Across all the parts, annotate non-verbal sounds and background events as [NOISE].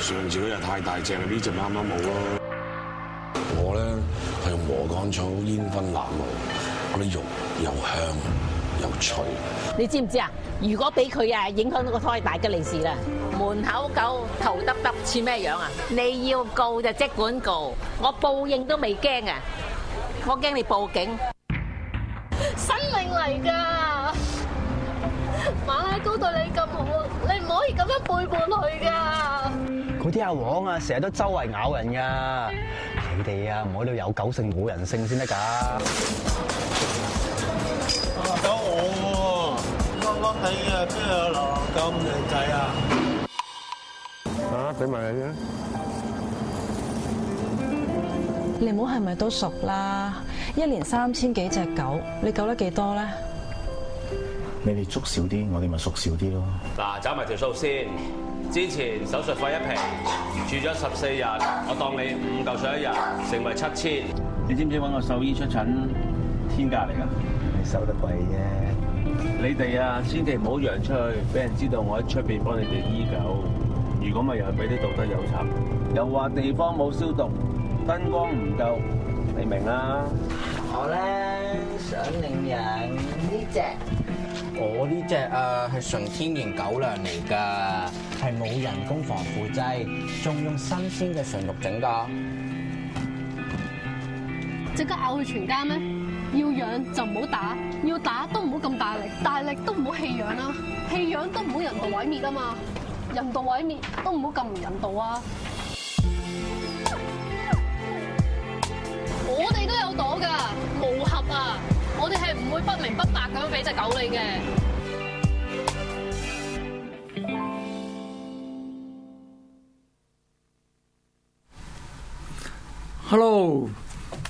上次嗰隻太大隻啦，呢隻啱啱好咯。我咧係用禾稈草煙燻鴨肉，嗰啲肉又香又脆。你知唔知啊？如果俾佢啊影響到個胎，大吉利是啦。門口狗頭耷耷似咩樣啊？你要告就即管告，我報應都未驚啊！我驚你報警。生命嚟㗎，馬拉糕對你咁好，你唔可以咁樣背叛佢㗎。啲阿黃啊，成日都周圍咬人噶，你哋啊，唔好都有狗性冇人性先得噶。狗我，笠笠地啊，邊度有流浪狗咁靚仔啊？啊，俾埋你啦。你唔好係咪都熟啦？一年三千幾隻狗，你救得幾多咧？俾你捉少啲，我哋咪縮少啲咯。嗱，走埋條數先。之前手術費一平，住咗十四日，我當你五嚿水一日，成為七千。你知唔知揾個獸醫出診天價嚟㗎？收得貴啫。你哋啊，千祈唔好揚出去，俾人知道我喺出邊幫你哋醫狗。如果咪又係俾啲道德有賊，又話地方冇消毒，燈光唔夠，你明啦。我咧想領養呢隻。我呢隻啊係純天然狗糧嚟噶，係冇人工防腐劑，仲用新鮮嘅純肉整噶。即刻咬佢全家咩？要養就唔好打，要打都唔好咁大力，大力都唔好棄養啦，棄養都唔好人道毀滅啊嘛，人道毀滅都唔好咁唔人道啊。我哋都有躲噶，無盒啊！我哋係唔會不明不白咁樣俾隻狗你嘅。Hello，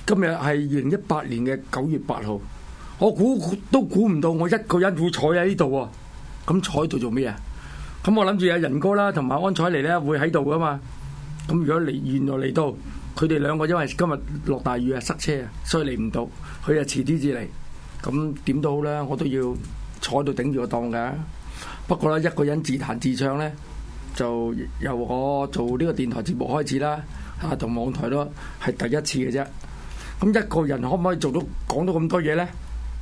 今日係二零一八年嘅九月八號。我估都估唔到我一個人會坐喺呢度喎。咁坐喺度做咩啊？咁我諗住阿仁哥啦，同埋安采妮咧會喺度噶嘛。咁如果嚟，原來嚟到，佢哋兩個因為今日落大雨啊，塞車啊，所以嚟唔到。佢啊遲啲至嚟。咁點都好啦，我都要坐喺度頂住個檔㗎。不過咧，一個人自彈自唱咧，就由我做呢個電台節目開始啦。嚇，同網台咯，係第一次嘅啫。咁一個人可唔可以做到講到咁多嘢咧？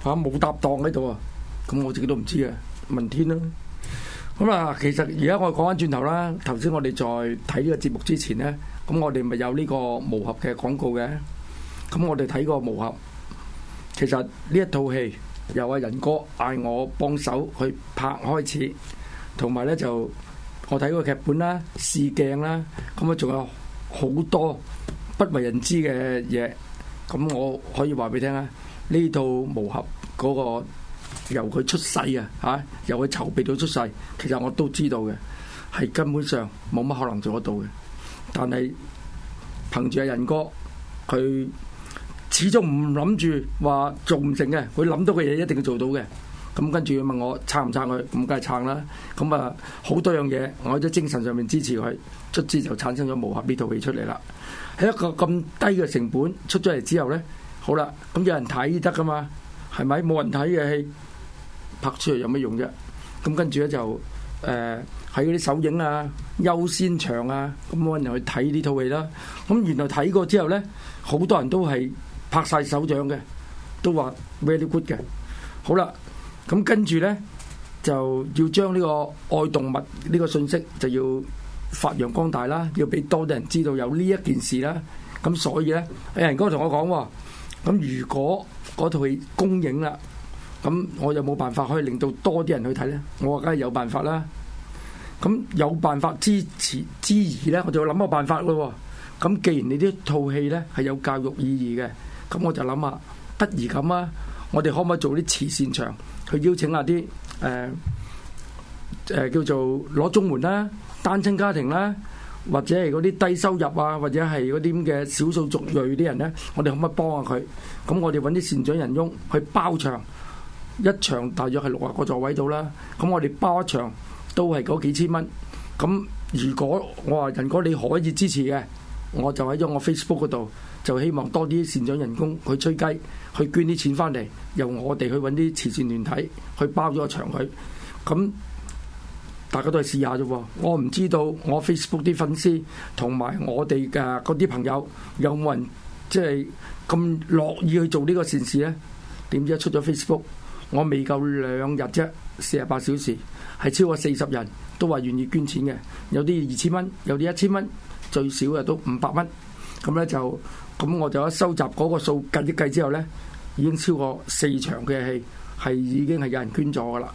嚇，冇搭檔喺度啊，咁我自己都唔知嘅，問天啦。咁啊，其實而家我哋講翻轉頭啦。頭先我哋在睇呢個節目之前咧，咁我哋咪有呢個無合嘅廣告嘅。咁我哋睇過無合。其實呢一套戲由阿仁哥嗌我幫手去拍開始，同埋咧就我睇過劇本啦，試鏡啦，咁啊仲有好多不為人知嘅嘢，咁我可以話俾你聽啦。呢套無合嗰個由佢出世啊，吓由佢籌備到出世，其實我都知道嘅，係根本上冇乜可能做得到嘅。但係憑住阿仁哥佢。始終唔諗住話做唔成嘅，佢諗到嘅嘢，一定要做到嘅。咁跟住佢問我撐唔撐佢，咁梗係撐啦。咁啊，好多樣嘢，我喺啲精神上面支持佢，卒之就產生咗無限呢套戲出嚟啦。喺一個咁低嘅成本出咗嚟之後咧，好啦，咁有人睇得噶嘛？係咪冇人睇嘅戲拍出嚟有咩用啫？咁跟住咧就誒喺嗰啲首映啊、優先場啊，咁冇人去睇呢套戲啦。咁原來睇過之後咧，好多人都係。拍曬手掌嘅，都話 very good 嘅。好啦，咁跟住咧就要將呢個愛動物呢個信息就要發揚光大啦，要俾多啲人知道有呢一件事啦。咁所以咧，有人剛同我講，咁如果嗰套戲公映啦，咁我有冇辦法可以令到多啲人去睇咧？我梗係有辦法啦。咁有辦法支持之餘咧，我就要諗個辦法咯。咁既然你啲套戲咧係有教育意義嘅。咁我就諗啊，不如咁啊，我哋可唔可以做啲慈善場去邀請下啲誒誒叫做攞綜援啦、單親家庭啦、啊，或者係嗰啲低收入啊，或者係嗰啲咁嘅少數族裔啲人咧、啊，我哋可唔可以幫下、啊、佢？咁我哋揾啲善長人翁去包場一場，大約係六十個座位度啦。咁我哋包一場都係嗰幾千蚊。咁如果我話仁哥你可以支持嘅，我就喺咗我 Facebook 嗰度。就希望多啲善長仁翁去吹雞，去捐啲錢翻嚟，由我哋去揾啲慈善團體去包咗個場去。咁大家都係試下啫。我唔知道我 Facebook 啲粉絲同埋我哋嘅嗰啲朋友有冇人即係咁樂意去做呢個善事呢？點知一出咗 Facebook，我未夠兩日啫，四十八小時係超過四十人都話願意捐錢嘅，有啲二千蚊，有啲一千蚊，最少啊都五百蚊咁呢就。咁我就一收集嗰個數，計一計之後咧，已經超過四場嘅戲係已經係有人捐咗噶啦。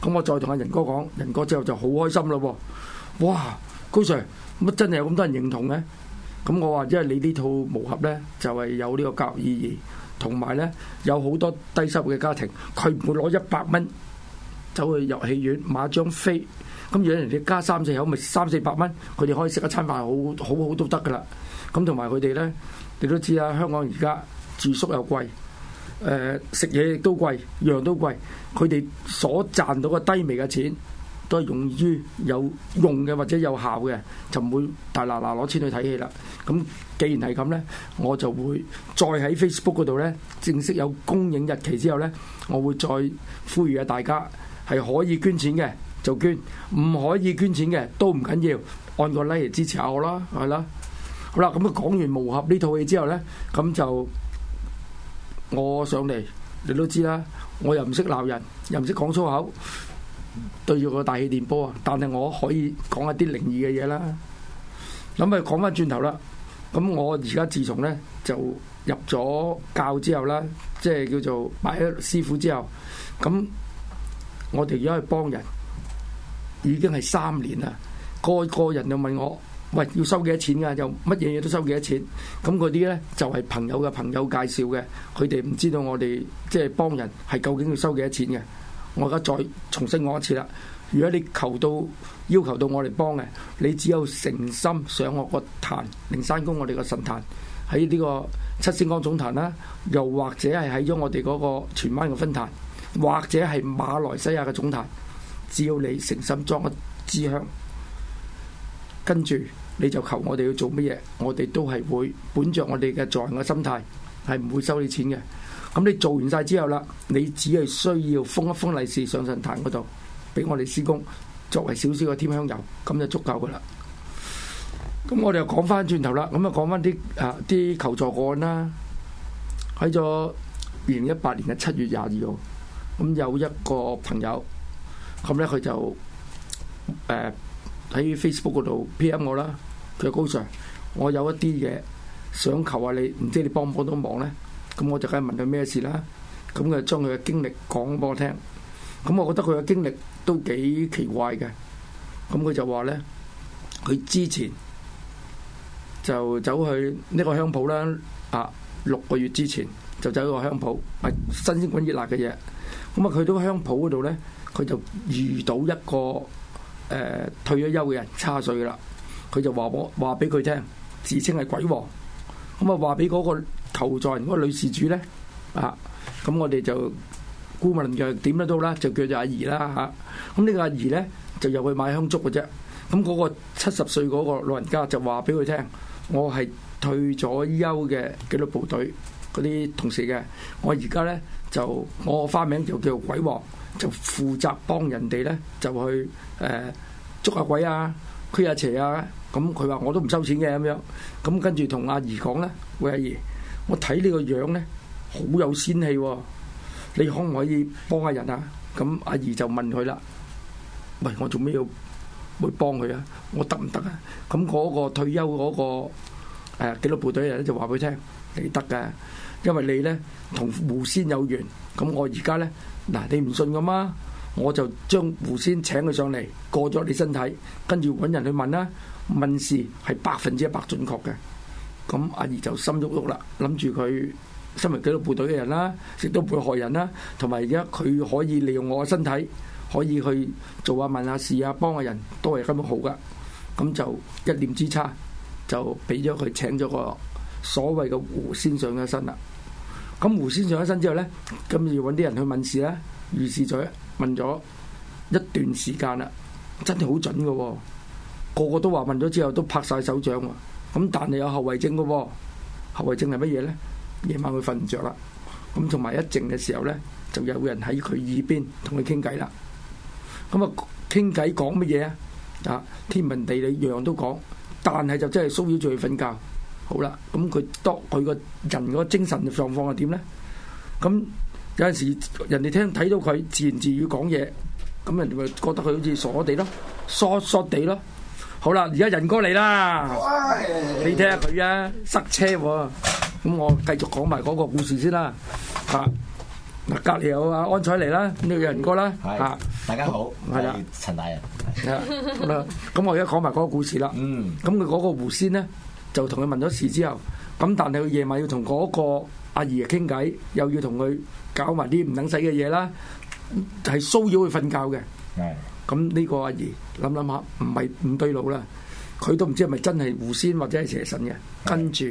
咁我再同阿仁哥講，仁哥之後就好開心咯喎！哇，高 Sir，乜真係有咁多人認同咧？咁我話因為你呢套幕合咧就係有呢個教育意義，同埋咧有好多低收入嘅家庭，佢唔會攞一百蚊走去入戲院買張飛，咁如果人哋加三四口咪三四百蚊，佢哋可以食一餐飯好好好都得噶啦。咁同埋佢哋咧。你都知啦，香港而家住宿又貴，誒、呃、食嘢亦都貴，樣都貴。佢哋所賺到嘅低微嘅錢，都係用於有用嘅或者有效嘅，就唔會大嗱嗱攞錢去睇戲啦。咁既然係咁呢，我就會再喺 Facebook 嗰度呢正式有公映日期之後呢，我會再呼籲下大家係可以捐錢嘅就捐，唔可以捐錢嘅都唔緊要，按個 like 支持下我啦，係啦。好啦，咁啊講完《無合》呢套戲之後咧，咁、嗯、就我上嚟，你都知啦。我又唔識鬧人，又唔識講粗口，對住個大氣電波啊！但係我可以講一啲靈異嘅嘢啦。咁、嗯、啊，講翻轉頭啦。咁、嗯、我而家自從咧就入咗教之後啦，即係叫做拜咗師傅之後，咁、嗯、我哋而家去幫人，已經係三年啦。個個人就問我。喂，要收幾多錢㗎？又乜嘢嘢都收幾多錢？咁嗰啲呢，就係朋友嘅朋友介紹嘅，佢哋唔知道我哋即係幫人係究竟要收幾多錢嘅。我而家再重新講一次啦。如果你求到要求到我嚟幫嘅，你只有誠心上我個壇，靈山宮我哋個神壇，喺呢個七星崗總壇啦，又或者係喺咗我哋嗰個荃灣嘅分壇，或者係馬來西亞嘅總壇，只要你誠心裝一支香，跟住。你就求我哋要做乜嘢，我哋都係會本着我哋嘅助人嘅心態，係唔會收你的錢嘅。咁你做完晒之後啦，你只係需要封一封利是上神壇嗰度，俾我哋師公作為少少嘅添香油，咁就足夠噶啦。咁我哋又講翻轉頭啦，咁啊講翻啲啊啲求助個案啦，喺咗二零一八年嘅七月廿二號，咁有一個朋友，咁咧佢就誒。呃喺 Facebook 嗰度 PM 我啦，佢話高 Sir，我有一啲嘢想求下你，唔知你幫唔幫到忙咧？咁我就梗係問佢咩事啦。咁啊，將佢嘅經歷講俾我聽。咁我覺得佢嘅經歷都幾奇怪嘅。咁佢就話咧，佢之前就走去呢個香鋪啦，啊六個月之前就走去個香鋪買新鮮滾熱辣嘅嘢。咁啊，去到香鋪嗰度咧，佢就遇到一個，誒退咗休嘅人，七十歲啦，佢就話我，話俾佢聽，自稱係鬼王。咁啊話俾嗰個求助嗰個女事主咧啊，咁我哋就顧問嘅點得到啦，就叫就阿儀啦嚇。咁呢個阿儀咧就入去買香燭嘅啫。咁、那、嗰個七十歲嗰個老人家就話俾佢聽，我係退咗休嘅紀律部隊嗰啲同事嘅，我而家咧就我花名就叫鬼王。就負責幫人哋咧，就去誒捉下鬼啊，驅下邪啊。咁佢話我都唔收錢嘅咁樣。咁跟住同阿姨講咧，喂阿姨，我睇你個樣咧，好有仙氣喎。你可唔可以幫下人啊？咁阿姨就問佢啦，喂，我做咩要會幫佢啊？我得唔得啊？咁嗰個退休嗰個誒紀律部隊人咧就話俾佢聽，你得㗎。因為你咧同狐仙有緣，咁我而家咧嗱，你唔信㗎嘛？我就將狐仙請佢上嚟過咗你身體，跟住揾人去問啦，問事係百分之一百準確嘅。咁阿姨就心喐喐啦，諗住佢身為紀律部隊嘅人啦，亦都唔會害人啦，同埋而家佢可以利用我嘅身體，可以去做下問下事啊，幫下人，都係咁樣好㗎。咁就一念之差，就俾咗佢請咗個所謂嘅狐仙上咗身啦。咁胡先生喺身之後咧，咁要揾啲人去問事咧，於是就問咗一段時間啦，真係好準㗎喎，個個都話問咗之後都拍曬手掌喎。咁但係有後遺症嘅喎，後遺症係乜嘢咧？夜晚佢瞓唔著啦，咁同埋一靜嘅時候咧，就有人喺佢耳邊同佢傾偈啦。咁啊傾偈講乜嘢啊？啊天文地理樣樣都講，但係就真係騷擾住佢瞓覺。好啦，咁佢多佢個人嘅精神狀況係點咧？咁有陣時人哋聽睇到佢自言自語講嘢，咁人哋咪覺得佢好似傻傻地咯，傻傻地咯。好啦，而家仁哥嚟啦，你聽下佢啊，塞車喎。咁我繼續講埋嗰個故事先啦。吓，嗱，隔籬有阿安彩嚟啦，呢個仁哥啦。吓，大家好，係啦，陳達仁。好啦，咁我而家講埋嗰個故事啦。嗯，咁佢嗰個狐仙咧，就同佢問咗事之後，咁但係佢夜晚要同嗰個阿姨傾偈，又要同佢搞埋啲唔等使嘅嘢啦，係騷擾佢瞓覺嘅。咁呢個阿姨諗諗下，唔係唔對路啦。佢都唔知係咪真係狐仙或者係邪神嘅。跟住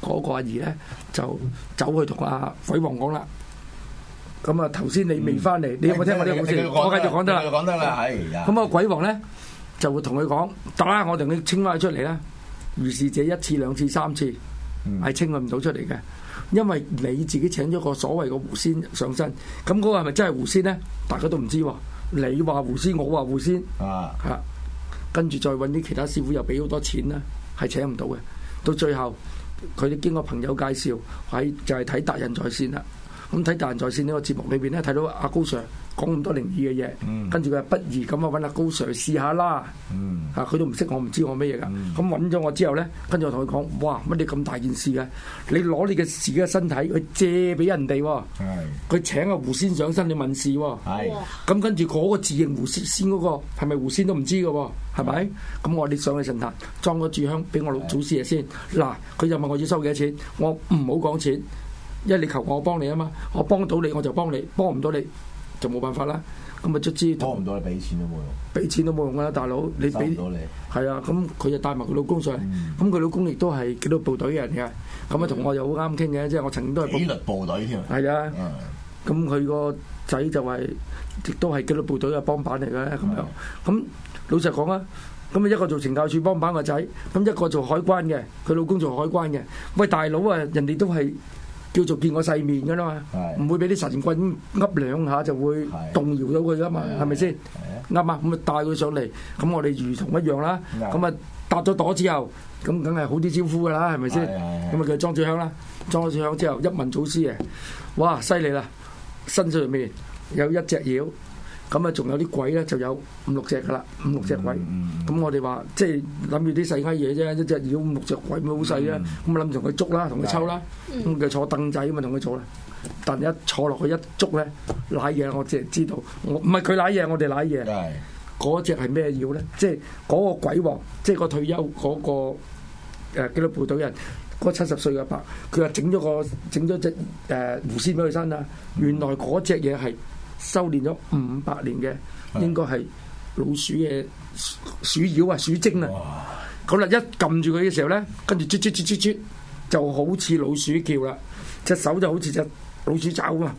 嗰個阿姨咧，就走去同阿鬼王講啦。咁啊，頭先你未翻嚟，你有冇聽我啲故事？我繼續講得啦，繼續講得啦。係啊。咁啊，鬼王咧就會同佢講：得啦，我同你清翻出嚟啦。於是這一次、兩次、三次，係清佢唔到出嚟嘅，因為你自己請咗個所謂嘅狐仙上身，咁嗰個係咪真係狐仙呢？大家都唔知喎，你話狐仙，我話狐仙，嚇、啊，跟住再揾啲其他師傅又俾好多錢呢，係請唔到嘅，到最後佢哋經過朋友介紹，喺就係、是、睇達人在線啦。咁睇《達仁在線》呢個節目裏邊咧，睇到阿高 sir 講咁多靈異嘅嘢，跟住佢話不如咁啊，揾阿高 sir 試下啦。嗯，啊，佢都唔識我，唔知我咩嘢噶。咁揾咗我之後咧，跟住我同佢講：哇，乜你咁大件事嘅、啊？你攞你嘅自己嘅身體去借俾人哋喎、哦。佢的請阿胡仙上身去問事喎、哦。係的。咁跟住嗰個自認胡仙仙、那、嗰個係咪胡仙都唔知嘅喎、哦，係咪？咁的、嗯、我你上去神壇裝個住香俾我老祖師嘢先。嗱，佢就問我要收幾多錢，我唔好講錢。因為你求，求我幫你啊嘛，我幫到你我就幫你，幫唔到你就冇辦法啦。咁啊，卒之幫唔到你，俾錢都冇用，俾錢都冇用啦，大佬你俾到你係啊。咁佢就帶埋佢老公上，嚟、嗯。咁佢老公亦都係紀律部隊人嘅。咁、嗯、啊，同我又好啱傾嘅，即係我曾經都係紀律部隊添係啊。咁佢個仔就係亦都係紀律部隊嘅幫辦嚟嘅咁樣。咁是、嗯、老實講啊，咁啊一個做懲教處幫辦個仔，咁一個做海關嘅，佢老公做海關嘅。喂，大佬啊，人哋都係。叫做見過世面嘅啦嘛，唔是的 會俾啲神棍噏兩下就會動搖咗佢噶嘛，係咪先？啱啊是的，咁啊帶佢上嚟，咁我哋如同一樣啦，咁啊是的 搭咗朵之後，咁梗係好啲招呼噶啦，係咪先？咁啊佢裝住香啦，裝咗香之後一問祖師爺，哇犀利啦，身上面有，有，有一隻妖。咁啊，仲有啲鬼咧，就有五六隻噶啦，五六隻鬼。咁我哋話即係諗住啲細雞嘢啫，一隻妖五六隻鬼咪好細啦。咁諗住同佢捉啦，同佢抽啦。咁佢坐凳仔，咁咪同佢做啦。但一坐落去一捉咧，瀨嘢我即係知道，我唔係佢瀨嘢，我哋瀨嘢。嗰隻係咩妖咧？即係嗰個鬼王，即係個退休嗰個誒紀律部隊人，嗰七十歲嘅伯，佢又整咗個整咗隻誒狐仙俾佢身啦。原來嗰隻嘢係。修煉咗五百年嘅，應該係老鼠嘅鼠妖啊，鼠精啦。嗰日一撳住佢嘅時候咧，跟住啜啜啜啜啜，就好似老鼠叫啦，隻手就好似隻老鼠爪啊。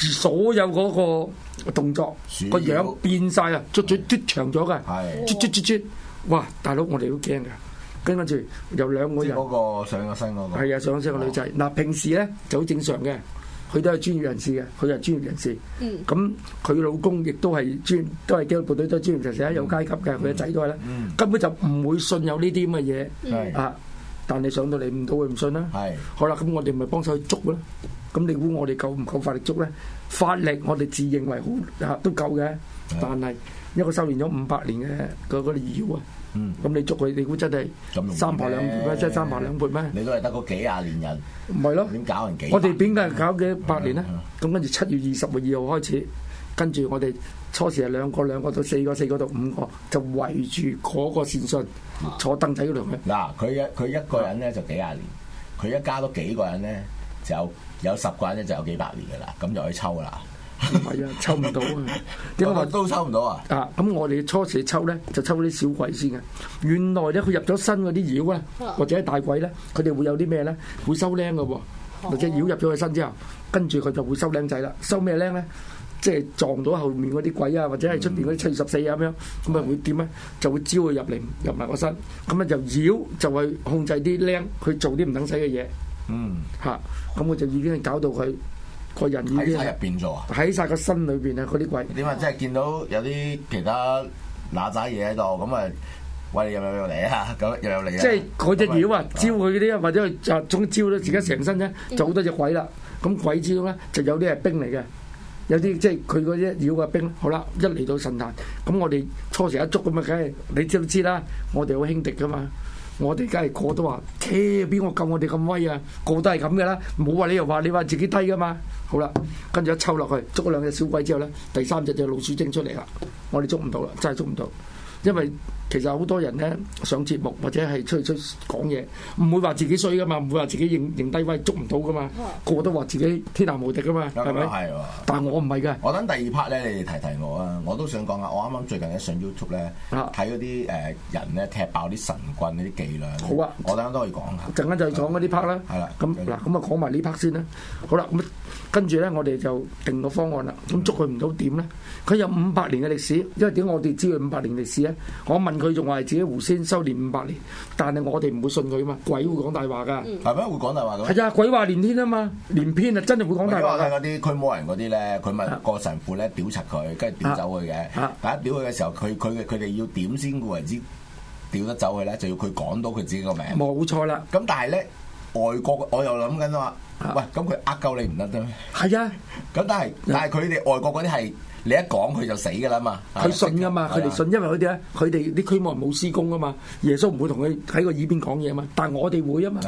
所有嗰個動作個樣變晒啊，隻嘴啜長咗噶，啜啜啜啜，哇！大佬，我哋都驚噶，跟跟住有兩個人，嗰個上咗身個係啊，上咗身個女仔。嗱，平時咧就好正常嘅。佢都係專業人士嘅，佢係專業人士。嗯。咁佢老公亦都係專業，都係機動部隊都係專業人士啦，有階級嘅，佢嘅仔都係啦。嗯、根本就唔會信有呢啲咁嘅嘢。係、嗯。啊！係。但你上到嚟唔到，佢唔信啦。係。好啦，咁我哋咪幫手去捉啦。咁你估我哋夠唔夠法力捉咧？法力我哋自認為好都夠嘅，但係一個修練咗五百年嘅嗰嗰啲妖啊！嗯，咁你捉佢，你估真係三扒兩撥咩？即係三扒兩撥咩？你都係得嗰幾廿年人，唔係咯？點搞人幾？我哋點解搞幾百年咧？咁跟住七月二十二號開始，跟住我哋初時係兩個兩個到四個四個，四個到五個，就圍住嗰個善信坐凳仔嗰度。嗱，佢一佢一個人咧就幾廿年，佢、啊、一家都幾個人咧，就有，有十個人咧就有幾百年噶啦，咁就可以抽啦。唔係啊，抽唔到啊！點解都抽唔到啊？啊，咁我哋初時抽咧，就抽啲小鬼先嘅。原來咧，佢入咗身嗰啲妖咧，或者大鬼咧，佢哋會有啲咩咧？會收僆噶喎，或者妖入咗佢身之後，跟住佢就會收僆仔啦。收咩僆咧？即係撞到後面嗰啲鬼啊，或者係出邊嗰啲七月十四啊咁樣，咁啊會點咧？就會招佢入嚟入埋個身，咁啊就妖就會控制啲僆，佢做啲唔等使嘅嘢。嗯，吓，咁我就已經係搞到佢。個人已經喺入邊做啊，喺晒個身裏邊啊，嗰啲鬼。點啊？即係見到有啲其他邋遢嘢喺度，咁啊，喂，你有嚟啊，咁又有嚟啊。即係嗰隻妖啊，招佢啲，或者就招到自己成身咧，就好多隻鬼啦。咁鬼之中咧，就有啲係兵嚟嘅，有啲即係佢嗰隻妖嘅兵。好啦，一嚟到神壇，咁我哋初時一捉咁啊，梗係你知唔知啦，我哋好兄弟噶嘛。我哋梗係個都話，唓，邊個夠我哋咁威啊？個都係咁嘅啦，冇話你又話你話自己低噶嘛？好啦，跟住一抽落去，捉咗兩隻小鬼之後咧，第三隻隻就老鼠精出嚟啦，我哋捉唔到啦，真係捉唔到。因為其實好多人咧上節目或者係出去出講嘢，唔會話自己衰噶嘛，唔會話自己認認低威捉唔到噶嘛，個個都話自己天下無敵噶嘛，係咪吧？但係我唔係㗎。我等第二 part 咧，你哋提提我啊，我都想講下。我啱啱最近咧上 YouTube 咧，睇嗰啲誒人咧踢爆啲神棍嗰啲伎倆。好啊，我等都可以講下。陣間就講嗰啲 part 啦。係啦。咁嗱，咁啊講埋呢 part 先啦。好啦，咁。跟住咧，我哋就定個方案啦。咁捉佢唔到點咧？佢有五百年嘅歷史，因為點我哋知佢五百年歷史咧？我問佢仲話係自己狐仙修煉五百年，但係我哋唔會信佢啊嘛！鬼會講大話噶，係咪會講大話噶？係啊，鬼話連篇啊嘛，連篇啊，真係會講大話嘅。嗰啲驅魔人嗰啲咧，佢咪個神父咧，屌柒佢，跟住屌走佢嘅。但一屌佢嘅時候，佢佢佢哋要點先為之屌得走佢咧？就要佢講到佢自己個名。冇錯啦。咁但係咧，外國我又諗緊啊。喂，咁佢呃夠你唔得啫？係啊，咁但係但係佢哋外國嗰啲係你一講佢就死噶啦嘛？佢信噶嘛？佢哋信，因為佢哋咧，佢哋啲驅魔人冇師公噶嘛，耶穌唔會同佢喺個耳邊講嘢嘛。但係我哋會啊嘛，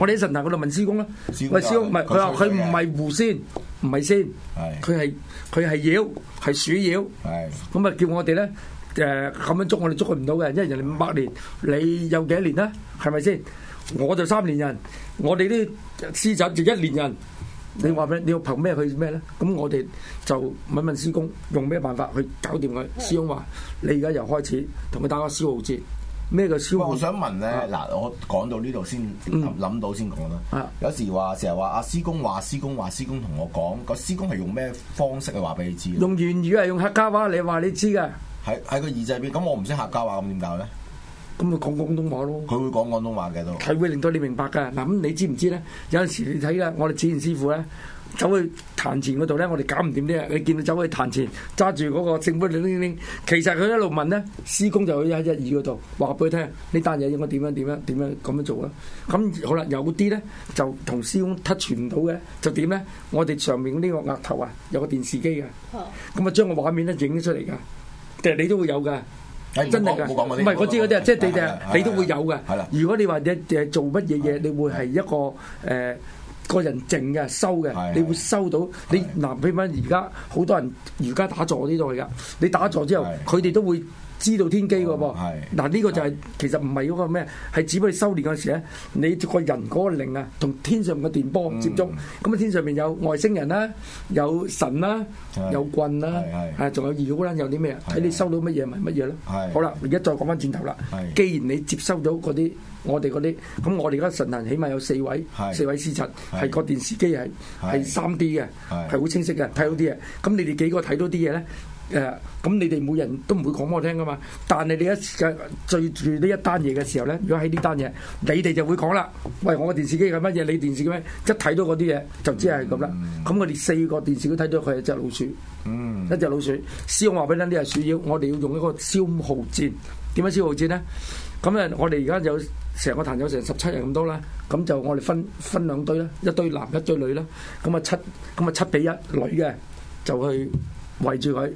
我哋喺神壇嗰度問師公啦。喂，師公唔係佢話佢唔係狐仙，唔係仙，佢係佢係妖，係鼠妖。咁啊叫我哋咧誒咁樣捉我哋捉佢唔到嘅，因為人哋五百年，你有幾多年啊？係咪先？我就三年人，我哋啲師侄就一年人。你話俾，你要憑咩去咩咧？咁我哋就問問師公，用咩辦法去搞掂佢？師公話：你而家又開始同佢打個消耗戰，咩叫消耗？我想問咧，嗱、啊，我講到呢度先諗到先講啦。嗯、有時話成日話阿師公話師公話師公，同我講個師公係用咩方式去話俾你知？用粵語係用客家話，你話你知嘅？喺喺個耳仔邊咁，我唔識客家話，咁點搞咧？咁咪講廣東話咯，佢會講廣東話嘅都係會令到你明白噶。嗱咁你知唔知咧？有陣時你睇下我哋紫賢師傅咧，走去壇前嗰度咧，我哋搞唔掂啲嘢。你見到走去壇前，揸住嗰個正骨鈴鈴，其實佢一路問咧，師公就喺一二嗰度話俾佢聽，呢單嘢應該點樣點樣點樣咁樣做啦。咁好啦，有啲咧就同師公突傳唔到嘅，就點咧？我哋上面呢個額頭啊，有個電視機嘅，咁啊將個畫面咧影出嚟噶，其實你都會有噶。真係噶，唔係我知嗰啲啊，即係你哋，你都會有嘅。如果你話你誒做乜嘢嘢，你會係一個誒個人淨嘅收嘅，你會收到。你嗱，譬如講而家好多人瑜伽打坐呢度嚟係㗎，你打坐之後佢哋都會。知道天機嘅噃，嗱呢個就係其實唔係嗰個咩，係只不過你修練嗰時咧，你個人嗰個靈啊，同天上嘅電波接觸，咁啊天上邊有外星人啦，有神啦，有棍啦，係仲有妖啦，有啲咩睇你收到乜嘢咪乜嘢咯。好啦，而家再講翻轉頭啦。既然你接收到嗰啲我哋嗰啲，咁我哋而家神壇起碼有四位，四位師侄係個電視機係係三 D 嘅，係好清晰嘅，睇到啲嘢。咁你哋幾個睇到啲嘢咧？誒，咁你哋每人都唔會講我聽噶嘛？但係你哋一嘅聚住呢一單嘢嘅時候咧，如果喺呢單嘢，你哋就會講啦。喂，我個電視機係乜嘢？你電視機咩？一睇到嗰啲嘢，就知係咁啦。咁我哋四個電視都睇到佢係隻老鼠，一隻老鼠。師兄話俾我聽，啲人鼠妖，我哋要用一個消耗戰。點樣消耗戰咧？咁咧，我哋而家有成個壇友成十七人咁多啦。咁就我哋分分兩堆啦，一堆男，一堆女啦。咁啊七，咁啊七比一女嘅就去圍住佢。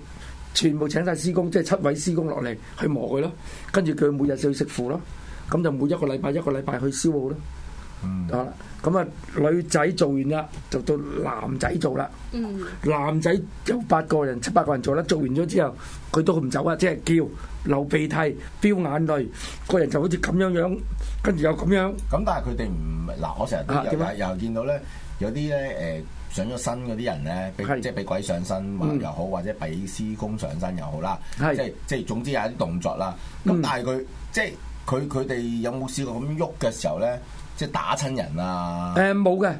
全部請曬師公，即係七位師公落嚟去磨佢咯。跟住佢每日就要食苦咯。咁就每一個禮拜一個禮拜去消耗咯。嗯。啊。咁啊，女仔做完啦，就到男仔做啦。嗯。男仔有八個人、七八個人做啦。做完咗之後，佢都唔走啊，即係叫流鼻涕、飆眼淚，個人就好似咁樣樣，跟住又咁樣。咁但係佢哋唔係嗱，我成日都有睇，又見到咧，有啲咧誒。上咗身嗰啲人咧，是即係俾鬼上身又好，嗯、或者俾師公上身又好啦是，即係即係總之有一啲動作啦。咁、嗯、但係佢即係佢佢哋有冇試過咁喐嘅時候咧，即係打親人啊？誒冇嘅，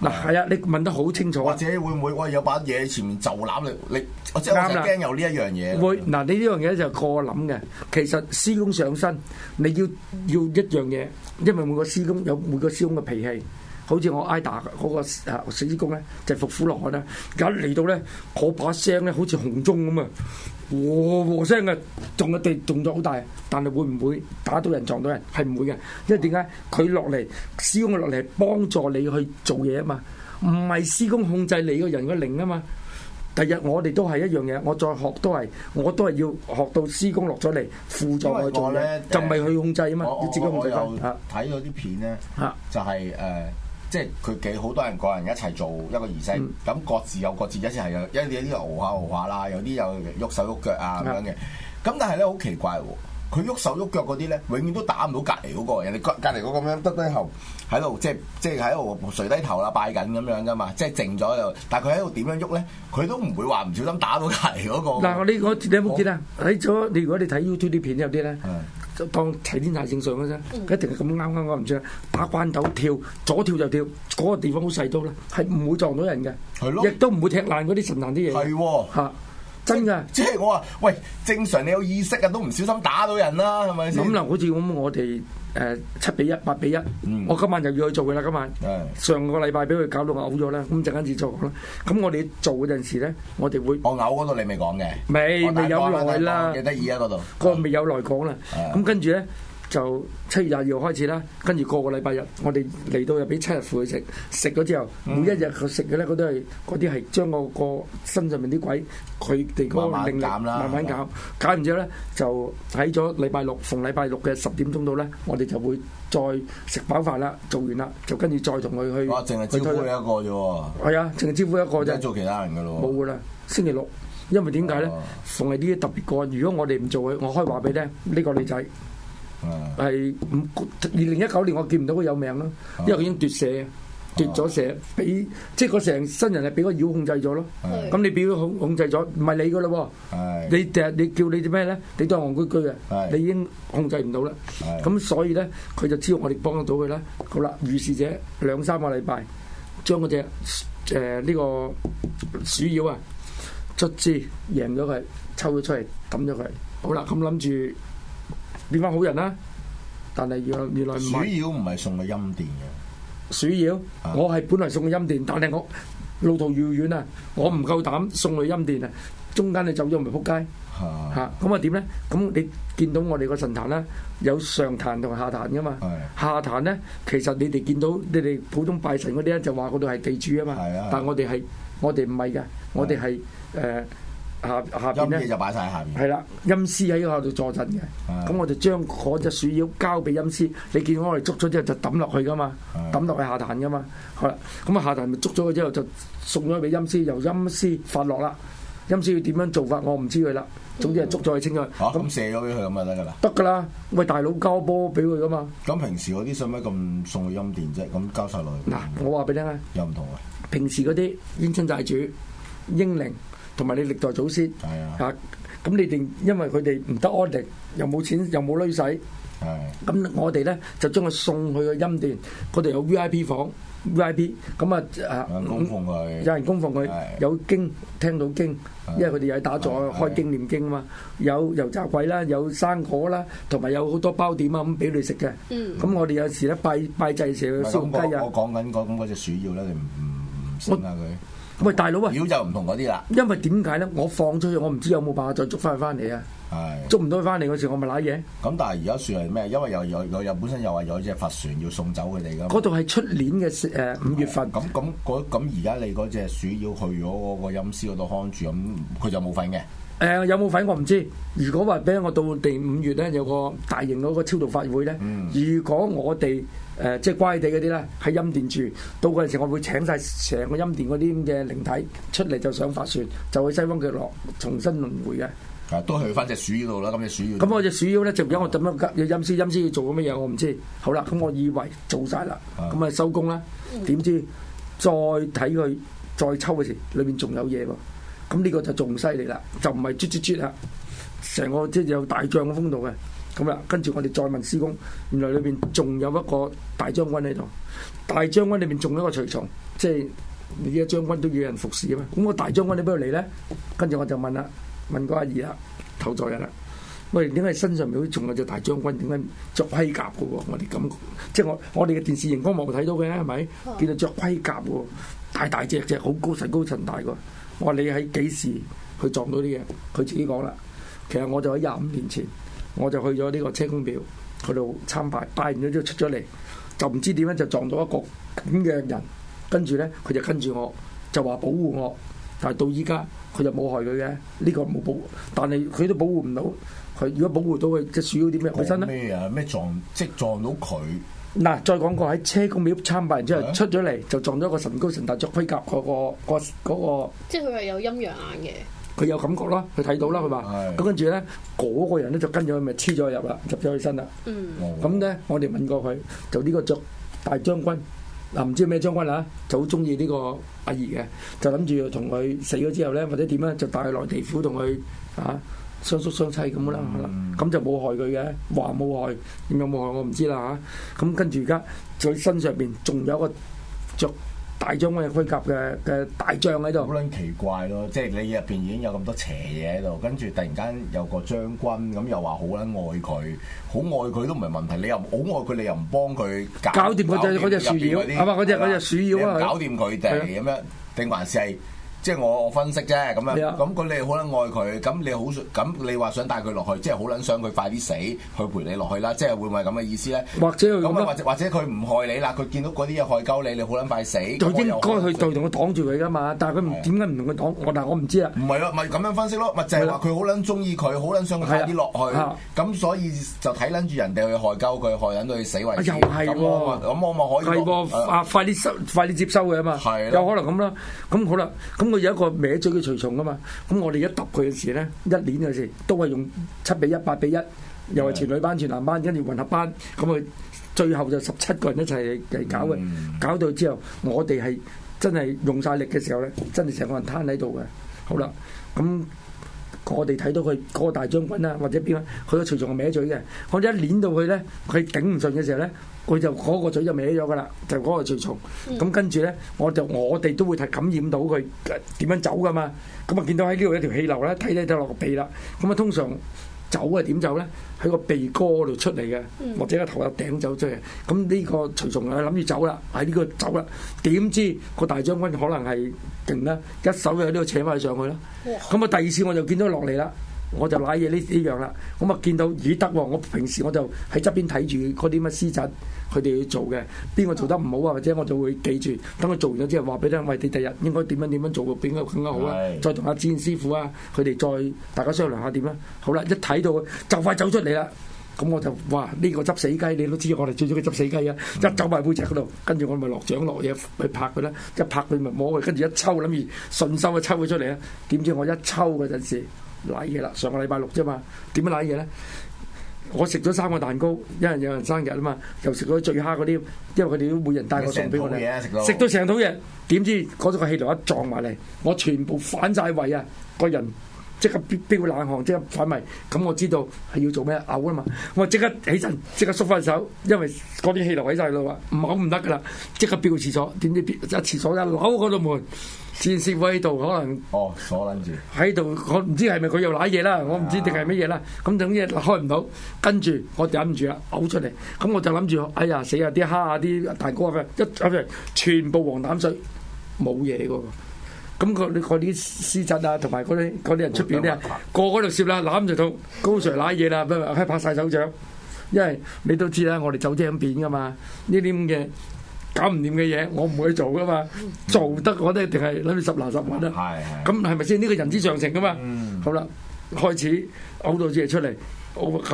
嗱係啊，你問得好清楚。或者會唔會我有把嘢喺前面就攬你？了我你我即係我驚有呢一樣嘢。會嗱你呢樣嘢就過諗嘅。其實師公上身，你要要，要一樣嘢，因為每個師公有每個師公嘅脾氣。好似我挨打嗰個死師公咧，就伏、是、虎落去啦。咁嚟到咧，嗰把聲咧好似洪鐘咁啊！和和聲嘅、啊，動作對動作好大，但係會唔會打到人撞到人？係唔會嘅，因為點解佢落嚟師公落嚟幫助你去做嘢啊嘛？唔係師公控制你個人嘅靈啊嘛。第日我哋都係一樣嘢，我再學都係，我都係要學到師公落咗嚟輔助去做嘢，就唔係去控制啊嘛。你、呃、自己控制我我，我，我又睇咗啲片咧、啊啊，就係、是、誒。Uh, 即係佢幾好多人個人一齊做一個儀式，咁、嗯、各自有各自一齊有一啲有啲豪化豪化啦，有啲有喐手喐腳啊咁樣嘅。咁的但係咧好奇怪喎，佢喐手喐腳嗰啲咧永遠都打唔到隔離嗰個人哋隔隔離嗰個咁樣耷低頭喺度即係即係喺度垂低頭啦拜緊咁樣㗎嘛，即係靜咗喺度。但係佢喺度點樣喐咧？佢都唔會話唔小心打到隔離嗰個。嗱你我、那個、你有冇見啊？睇咗你如果你睇 YouTube 啲片有啲咧。 [LAUGHS] 就當齊天大聖上嘅啫，一定係咁啱啱啱唔知，嗯、打關鬥跳左跳右跳，嗰、那個地方好細刀咧，係唔會撞到人嘅，是的 亦都唔會踢爛嗰啲神壇啲嘢。係嚇的的真㗎的，即係我話喂，正常你有意識呀都唔小心打到人啦，係咪先？咁嗱，好似咁我哋。誒、呃、七比一，八比一，嗯、我今晚就要去做嘅啦。今晚的上個禮拜俾佢搞到嘔咗啦，咁陣間至做啦。咁我哋做嗰陣時咧，我哋會我嘔嗰度你未講嘅，未未沒有來啦，幾得意啊嗰度，個未有來講啦。咁的跟住咧。就七月廿二號開始啦，跟住個個禮拜日，我哋嚟到又俾七日符佢食，食咗之後，每一日佢食嘅咧，佢都係嗰啲係將個個身上面啲鬼佢哋嗰個力量慢慢減啦，慢慢搞，減完之後咧，就喺咗禮拜六，逢禮拜六嘅十點鐘度咧，我哋就會再食飽飯啦，做完啦，就跟住再同佢去。哇！淨係招、啊、招呼一個啫喎。係啊，淨係招呼一個啫。而家做其他人噶咯喎。冇㗎啦，星期六。因為點解咧？哇逢係呢啲特別個，如果我哋唔做嘅，我可以話俾你聽，呢、呢個女仔、就係。係二零一九年，我見唔到佢有命咯，因為佢已經奪舍，奪咗舍，俾即係個成身人係俾個妖控制咗咯。咁是你俾佢控控制咗，唔係你噶啦，是你就你叫你啲咩咧？你都係戇居居嘅，是你已經控制唔到啦。咁是所以咧，佢就只有我哋幫得到佢啦。好啦，如是者兩三個禮拜，將嗰隻誒呢個鼠妖啊，卒之贏咗佢，抽咗出嚟，抌咗佢。好啦，咁諗住。變翻好人啦，啊，但係原原來鼠妖唔係送去陰殿嘅。鼠妖，我係本來送去陰殿，但係我路途遙遠啊，我唔夠膽送去陰殿啊。中間你走咗咪撲街。吓，啊，咁啊點咧？咁你見到我哋個神壇咧，有上壇同下壇噶嘛？下壇咧，其實你哋見到你哋普通拜神嗰啲咧，就話嗰度係地主啊嘛。啊啊但係我哋係我哋唔係噶，我哋係誒。嗯下下邊咧，就擺晒喺下面。係啦，陰師喺呢個度坐鎮嘅，咁我就將嗰隻鼠妖交俾陰師。你見到我哋捉咗之後，就抌落去㗎嘛，抌落去下潭㗎嘛。好啦，咁啊下潭咪捉咗佢之後，就送咗俾陰師，由陰師發落啦。陰師要點樣做法，我唔知佢啦。總之係捉咗佢清佢，咁射咗俾佢咁咪得㗎啦。得㗎啦，喂大佬交波俾佢㗎嘛。咁平時嗰啲使乜咁送去陰電啫？咁交晒落去。嗱，我話俾你聽啊，又唔同啊。平時嗰啲冤親債主、英靈。同埋你歷代祖先，啊，咁你哋因為佢哋唔得安寧，又冇錢，又冇鐳使，咁我哋咧就將佢送去個陰殿，我哋有 V I P 房，V I P，咁啊佢，有人供奉佢，有經聽到經，因為佢哋又係打坐開經念經啊嘛，有油炸鬼啦，有生果啦，同埋有好多包點啊咁俾你食嘅，咁我哋有時咧拜拜祭時送雞啊。我講緊嗰咁隻鼠要啦，你唔信。唔佢？喂，大佬啊，鳥就唔同嗰啲啦，因為點解咧？我放出去，我唔知有冇辦法再捉翻佢翻嚟啊！係捉唔到佢翻嚟嗰時，我咪攋嘢。咁但係而家鼠係咩？因為又又又又本身又話有一隻佛船要送走佢哋噶。嗰度係出年嘅誒五月份。咁咁咁而家你嗰隻鼠要去咗嗰個陰司嗰度看住，咁佢就冇份嘅。誒、嗯、有冇份我唔知。如果話俾我到第五月咧有個大型嗰個超度法會咧，嗯、如果我哋誒、呃、即係乖地嗰啲咧喺陰殿住，到嗰陣時我會請晒成個陰殿嗰啲咁嘅靈體出嚟就想發船，就去西方極樂重新輪迴嘅。係、啊、都去翻隻鼠度啦，咁隻鼠妖。咁我隻鼠妖咧、嗯、就而家我點樣㗎？要陰師陰師要做緊乜嘢我唔知。好啦，咁我以為做晒啦，咁咪收工啦。點知再睇佢再，再抽嗰時，裏邊仲有嘢喎。咁呢個，個就仲犀利啦，就唔係啜啜啜啊！成個即係有大將嘅風度嘅，咁啦，跟住我哋再問師公，原來裏邊仲有一個大將軍喺度，大將軍裏邊仲有一個隨從，即係而家將軍都要人服侍嘅咩？咁、嗰個大將軍你邊度嚟咧？跟住我就問啦、啊，問個阿姨啦，頭昨人啦、啊，喂，點解身上面好似仲有隻大將軍？點解着盔甲嘅喎、啊？我哋咁，即係我我哋嘅電視熒光幕睇到嘅係咪？見到着盔甲喎，大大只隻，好高身高身大個、啊。我話你喺幾時去撞到啲嘢？佢自己講啦。其實我就喺廿五年前，我就去咗呢個車公廟去度參拜，拜完咗之後出咗嚟，就唔知點樣就撞到一個咁嘅人。跟住咧，佢就跟住我，就話保護我。但係到依家，佢就冇害佢嘅。呢、這個冇保護，但係佢都保護唔到。佢如果保護到佢，即係選咗啲咩起身咧？講咩啊？咩撞即撞到佢？嗱、啊，再講過喺車公廟參拜完之後出咗嚟，啊，就撞咗個神高神大着盔甲嗰個，個，個，個即係佢係有陰陽眼嘅，佢有感覺啦，佢睇到啦，佢話，嗯，咁跟住咧嗰個人咧就跟咗佢，咪黐咗入啦，入咗去身啦，咁咧我哋問過佢，就呢、呢個着大將軍，嗱、啊、唔知咩將軍啦，啊，就好中意呢個阿儀嘅，就諗住同佢死咗之後咧或者點咧，就帶去嚟地府同佢啊。啊啊相叔相妻咁啦，咁、嗯、就冇害佢嘅，話冇害，點解冇害我唔知啦嚇。咁、啊、跟住而家佢身上邊仲有一個著大將隻盔甲嘅嘅大將喺度。好撚奇怪咯、啊，即、就、係、是、你入邊已經有咁多邪嘢喺度，跟住突然間有個將軍咁又話好撚愛佢，好愛佢都唔係問題。你又好愛佢，你又唔幫佢搞掂嗰隻隻鼠妖，係嘛？隻隻鼠妖搞掂佢哋咁樣，定還是係？對啊即係我分析啫咁樣，咁佢你好撚愛佢，咁你好咁你話想帶佢落去，即係好撚想佢快啲死，去陪你落去啦，即係會唔會咁嘅意思咧？或者佢或者佢唔害你啦，佢見到嗰啲嘢害鳩你，你好撚快死。佢應該去對同佢擋住佢噶嘛，但係佢點解唔同佢擋？我但我唔知啦。唔係咯，咪咁樣分析咯，咪就係話佢好撚中意佢，好撚想佢快啲落去，咁所以就睇撚住人哋去害鳩佢，害撚到佢死為止。又係喎，咁我咪可以快啲快啲接收佢啊嘛，有可能咁啦，咁好啦，咁。佢有一個歪嘴嘅隨從噶嘛，咁我哋一揼佢嘅時咧，一捻嘅時都係用七比一、八比一，又係全女班、全男班跟住混合班，咁啊最後就十七個人一齊嚟搞嘅，搞到之後我哋係真係用晒力嘅時候咧，真係成個人攤喺度嘅。好啦，咁我哋睇到佢嗰個大將軍啦、啊，或者邊個佢嘅隨從係歪嘴嘅，我哋一捻到佢咧，佢頂唔順嘅時候咧。佢就嗰個嘴就歪咗噶啦，就嗰、是、個隨從。咁、嗯、跟住咧，我就我哋都會係感染到佢點樣走噶嘛。咁啊，見到喺呢度一條氣流咧，睇睇就落個鼻啦。咁啊，通常走係點走咧？喺個鼻哥度出嚟嘅，嗯、或者個頭個頂走出嚟。咁呢個隨從啊，諗住走啦，喺呢個走啦。點知個大將軍可能係勁啦，一手又喺呢度扯翻佢上去啦。咁啊，第二次我就見到落嚟啦。我就揦嘢呢呢樣啦，咁、嗯、啊見到爾德、哦、我平時我就喺側邊睇住嗰啲乜師侄佢哋去做嘅，邊個做得唔好啊，或者我就會記住等佢做完咗之後話俾你，喂，你第日，日應該點樣點樣做會變得更加好啊，再同阿志賢師傅啊佢哋再大家商量下點啊。好啦、啊，一睇到就快走出嚟啦，咁、嗯、我就哇呢、呢個執死雞，你都知我哋最中意執死雞啊！一走埋背脊嗰度，跟住我咪落掌落嘢去拍佢啦。一拍佢咪摸佢，跟住一抽諗住順手去抽佢出嚟啊。點知我一抽嗰陣時。瀨嘢啦，上個禮拜六啫嘛，點樣瀨嘢咧？我食咗三個蛋糕，一人有人生日啊嘛，又食咗醉蝦嗰啲，因為佢哋都每人帶個餸俾我哋，食、啊、到成肚嘢，點知嗰種個氣流一撞埋嚟，我全部反晒胃啊，個人。即刻飆個冷汗，即刻反胃，咁我知道係要做咩？嘔啦嘛！我即刻起身，即刻縮翻手，因為嗰啲氣流喺晒度啊，唔嘔唔得噶啦！即刻飆去廁所，點知一廁所一扭嗰度門，侍應師傅喺度可能哦鎖撚住喺度，我唔知係咪佢又瀨嘢啦，啊、我唔知定係乜嘢啦。咁總之開唔到，跟住我，我就忍唔住啊，嘔出嚟。咁我就諗住，哎呀死啊！啲蝦啊，啲蛋糕啊，一全部黃膽水，冇嘢噶喎。咁佢你啲師侄啊，同埋嗰啲啲人出邊咧，會會個個度攝啦，攬住到高 Sir 攋嘢啦，咁咪拍曬手掌，因為你都知啦，我哋走啲咁片噶嘛，呢啲咁嘅搞唔掂嘅嘢，我唔會做噶嘛，做得我都一定係諗住十拿十穩啦。咁係咪先？呢、呢個人之常情噶嘛。係係好啦，開始嘔到嘢出嚟，咁、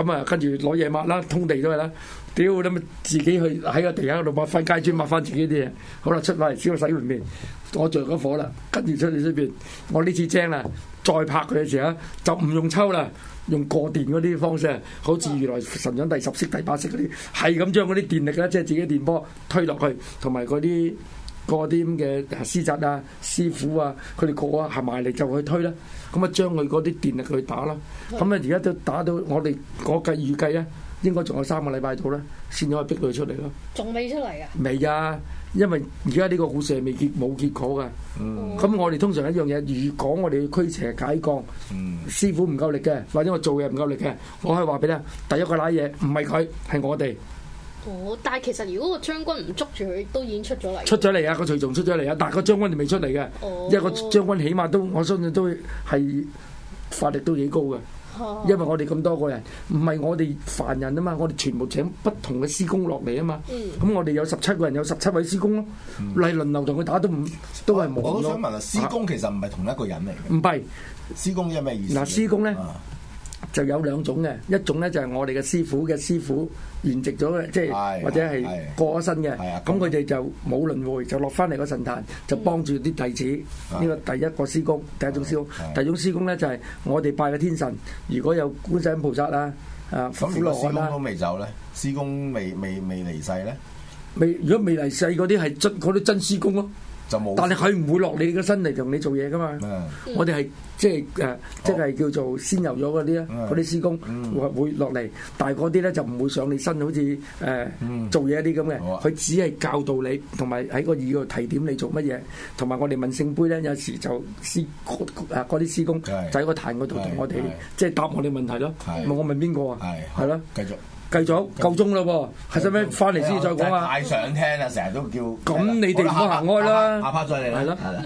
哦、啊跟住攞嘢抹啦，通地都係啦。屌你咪自己去喺個地下度抹翻街磚，抹翻自己啲嘢，好啦，出翻嚟先去洗碗面，我着咗火啦，跟住出嚟出邊，我呢次精啦，再拍佢嘅時候就唔用抽啦，用過電嗰啲方式，好似原來神掌第十式第八式嗰啲，係咁將嗰啲電力咧，即係自己電波推落去，同埋嗰啲過啲咁嘅師侄啊、師傅啊，佢哋個個行埋嚟就去推啦，咁啊將佢嗰啲電力去打啦，咁啊而家都打到我哋我計預計啊。應該仲有三個禮拜到咧，先可以逼佢出嚟咯。仲未出嚟啊？未啊，因為而家呢個故事係未結冇結果嘅。咁、嗯、我哋通常一樣嘢，如果我哋要驅邪解降，嗯、師傅唔夠力嘅，或者我做嘢唔夠力嘅，我可以話俾你聽，第一個瀨嘢唔係佢，係我哋。哦，但係其實如果個將軍唔捉住佢，都已經出咗嚟。出咗嚟啊！個隨從出咗嚟啊！但係個將軍就未出嚟嘅。哦。一個將軍起碼都我相信都係法力都幾高嘅。因為我哋咁多個人，唔係我哋凡人啊嘛，我哋全部請不同嘅師公落嚟啊嘛，咁我哋有十七個人，有十七位師公咯，嚟輪、嗯、流同佢打都唔都係冇、啊。我想問啊，師公其實唔係同一個人嚟嘅。唔係、啊，師公有咩意思？嗱、啊，師公咧。啊就有兩種嘅，一種咧，就係我哋嘅師傅嘅師傅圓寂咗嘅，即係或者係過咗身嘅。咁佢哋就冇輪迴，就落翻嚟個神壇，就幫住啲弟子，呢個第一個師公，第一種師公。第二種師公咧，就係我哋拜嘅天神。如果有觀世音菩薩啊啊，佛羅海啦咁。如果師公都未走咧，師公未未未離世咧，未如果未離世嗰啲係真嗰啲真師公咯。但係佢唔會落你個身嚟同你做嘢噶嘛？Mm. 我哋係即係誒，即係、就是、叫做先遊咗嗰啲啊，嗰啲施工、mm. 會落嚟，但係嗰啲咧就唔會上你身，好似誒做嘢啲咁嘅。佢、mm. 只係教導你，同埋喺個耳嗰度提點你做乜嘢。同埋我哋問聖杯咧，有時就施誒嗰啲施工就喺個壇嗰度同我哋、mm. mm. 即係答我哋問題咯。咪、mm. mm. 我問邊個啊？係咯、mm. 啊，繼續。繼續，夠鐘啦喎，係使咩翻嚟先再講說、嗯、啊？太想聽啦，成日都叫咁。你哋唔好行開啦，下爸再嚟啦，係咯。